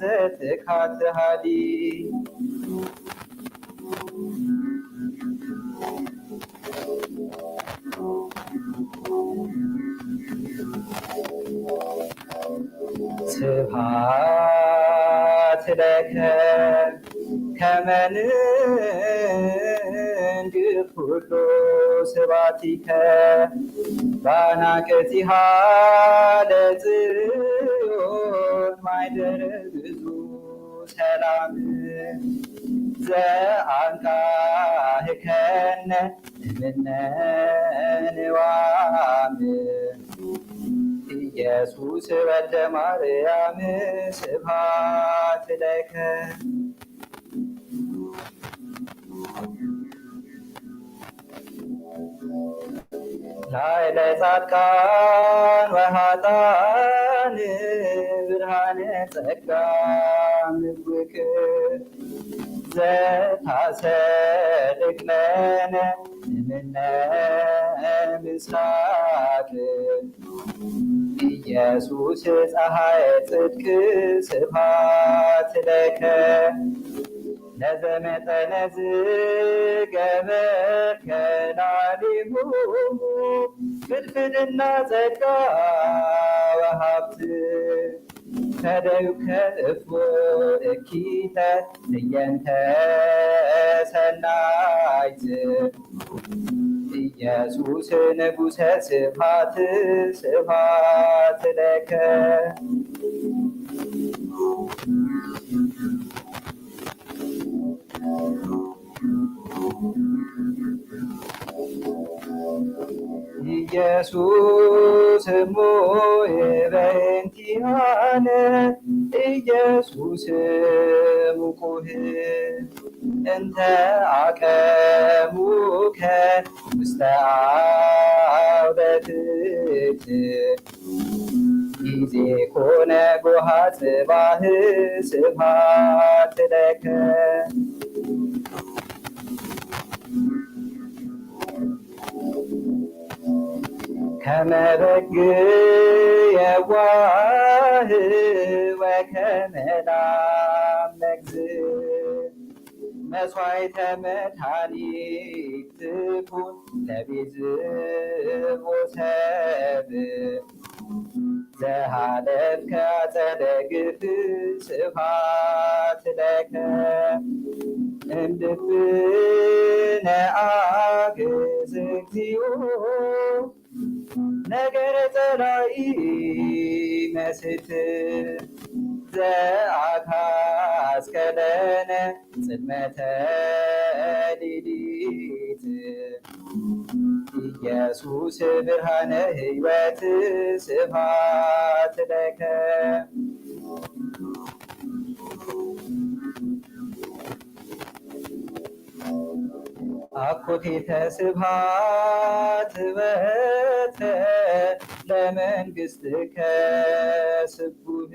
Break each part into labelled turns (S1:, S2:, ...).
S1: ዘትካትሃሊ ስብሃት ለከ ከመ ንንግፍ ኩሉ ስብሐቲከ በአናቅቲሃ ማይደር ብዙ ሰላም ዘአንቃህከነ እምነንዋም ኢየሱስ ወልደ ስብሐት ለከ ላዕለ ጻድቃን ወኃጥአን ብርሃነ ጸጋ ምብክር ዘታሰልክነነ እምነ ምስራቅ ኢየሱስ ፀሐየ ጽድቅ ስብሐት ለከ ለዘመጠነ ዝገበርከ ፍልፍልና ፍድፍድና ጸጋ ወሀብት ከደው ከእፎ እኪተ እየንተ ሰናይት ኢየሱስ ንጉሠ ስብሐት ስብሐት ለከ ኢየሱስ ሞኤበንቲሃነ ኢየሱስ ሙቁህ እንተ አቀሙከ ውስተ አውደትክ ጊዜ ኮነ ጎሃ ጽባህ ስብሃት ለከ ከመበግ የዋህ ወከመላም ነግዝ መስዋዕተ መድኃኒት ትኩን ለቤዝቦ ሰብ ዘሃለፍከ አጸደ ግፍ ስብሐት ለከ እምድፍነ አግዝ እግዚኦ ነገረ ጸራኢ መስትር ዘአካስከለነ ጽልመተ ሌሊት ኢየሱስ ብርሃነ ህይወት ስብሐት ለከ አኮቴተ ስብሐት በተ ለመንግሥትከ ስቡሕ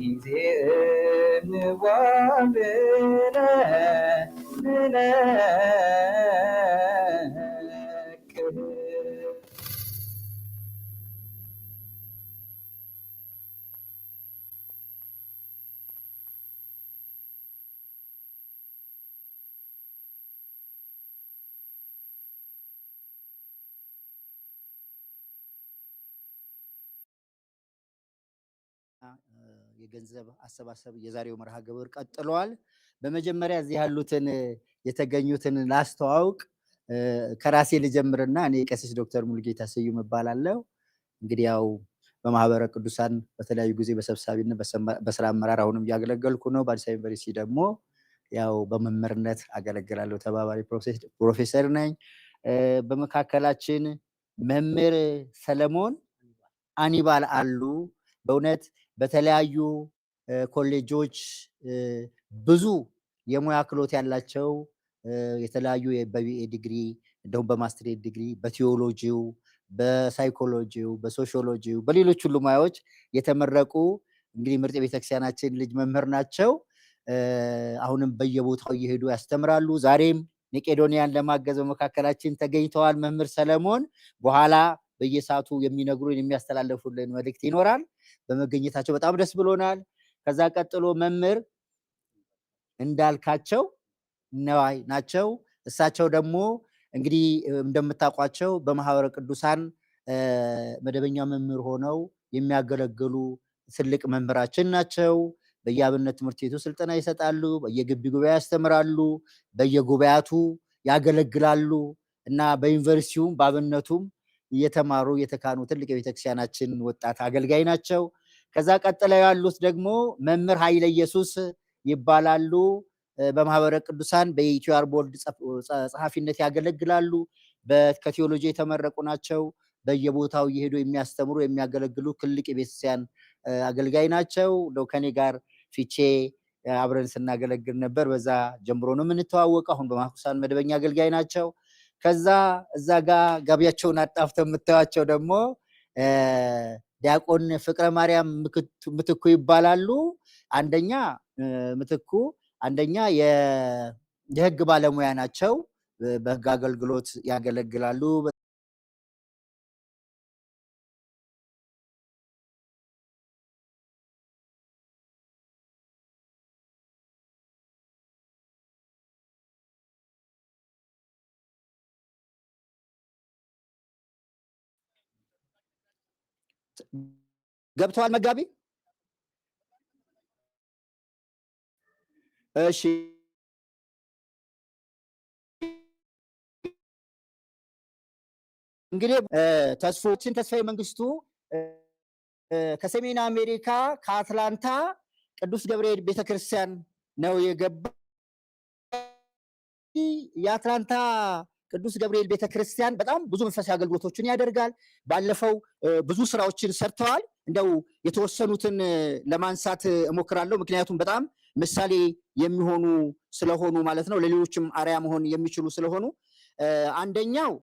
S1: ጊዜነ ንዋብነ የገንዘብ አሰባሰብ የዛሬው መርሃ ግብር ቀጥሏል። በመጀመሪያ እዚህ ያሉትን የተገኙትን ላስተዋውቅ። ከራሴ ልጀምርና እኔ ቀሲስ ዶክተር ሙሉጌታ ስዩም እባላለሁ። እንግዲህ ያው በማህበረ ቅዱሳን በተለያዩ ጊዜ በሰብሳቢነት በስራ አመራር አሁንም እያገለገልኩ ነው። በአዲስ አበባ ዩኒቨርሲቲ ደግሞ ያው በመምህርነት አገለግላለሁ። ተባባሪ ፕሮፌሰር ነኝ። በመካከላችን መምህር ሰለሞን አኒባል አሉ። በእውነት በተለያዩ ኮሌጆች ብዙ የሙያ ክህሎት ያላቸው የተለያዩ በቢኤ ዲግሪ እንደሁም በማስትሬት ዲግሪ በቴዎሎጂው፣ በሳይኮሎጂው፣ በሶሽሎጂው በሌሎች ሁሉ ሙያዎች የተመረቁ እንግዲህ ምርጥ ቤተክርስቲያናችን ልጅ መምህር ናቸው። አሁንም በየቦታው እየሄዱ ያስተምራሉ። ዛሬም መቄዶንያን ለማገዝ በመካከላችን ተገኝተዋል መምህር ሰለሞን በኋላ በየሰዓቱ የሚነግሩን የሚያስተላልፉልን መልእክት ይኖራል። በመገኘታቸው በጣም ደስ ብሎናል። ከዛ ቀጥሎ መምህር እንዳልካቸው ነዋይ ናቸው። እሳቸው ደግሞ እንግዲህ እንደምታውቋቸው በማህበረ ቅዱሳን መደበኛ መምህር ሆነው የሚያገለግሉ ትልቅ መምህራችን ናቸው። በየአብነት ትምህርት ቤቱ ስልጠና ይሰጣሉ። በየግቢ ጉባኤ ያስተምራሉ። በየጉባኤያቱ ያገለግላሉ እና በዩኒቨርሲቲውም በአብነቱም የተማሩ የተካኑ ትልቅ የቤተክርስቲያናችን ወጣት አገልጋይ ናቸው። ከዛ ቀጥለው ያሉት ደግሞ መምህር ኃይለ ኢየሱስ ይባላሉ። በማህበረ ቅዱሳን በኢትዮአር ቦርድ ጸሐፊነት ያገለግላሉ። ከቴዎሎጂ የተመረቁ ናቸው። በየቦታው እየሄዱ የሚያስተምሩ የሚያገለግሉ ትልቅ የቤተክርስቲያን አገልጋይ ናቸው። ከኔ ጋር ፊቼ አብረን ስናገለግል ነበር። በዛ ጀምሮ ነው የምንተዋወቀ። አሁን በማኩሳን መደበኛ አገልጋይ ናቸው። ከዛ እዛ ጋ ጋቢያቸውን አጣፍተው የምታያቸው ደግሞ ዲያቆን ፍቅረ ማርያም ምትኩ ይባላሉ። አንደኛ ምትኩ አንደኛ የህግ ባለሙያ ናቸው። በህግ አገልግሎት ያገለግላሉ። ገብተዋል መጋቢ? እሺ እንግዲህ ተስፎችን ተስፋዬ መንግስቱ ከሰሜን አሜሪካ ከአትላንታ ቅዱስ ገብርኤል ቤተክርስቲያን ነው የገባ የአትላንታ ቅዱስ ገብርኤል ቤተክርስቲያን በጣም ብዙ መንፈሳዊ አገልግሎቶችን ያደርጋል። ባለፈው ብዙ ስራዎችን ሰርተዋል። እንደው የተወሰኑትን ለማንሳት እሞክራለሁ፣ ምክንያቱም በጣም ምሳሌ የሚሆኑ ስለሆኑ ማለት ነው፣ ለሌሎችም አርያ መሆን የሚችሉ ስለሆኑ አንደኛው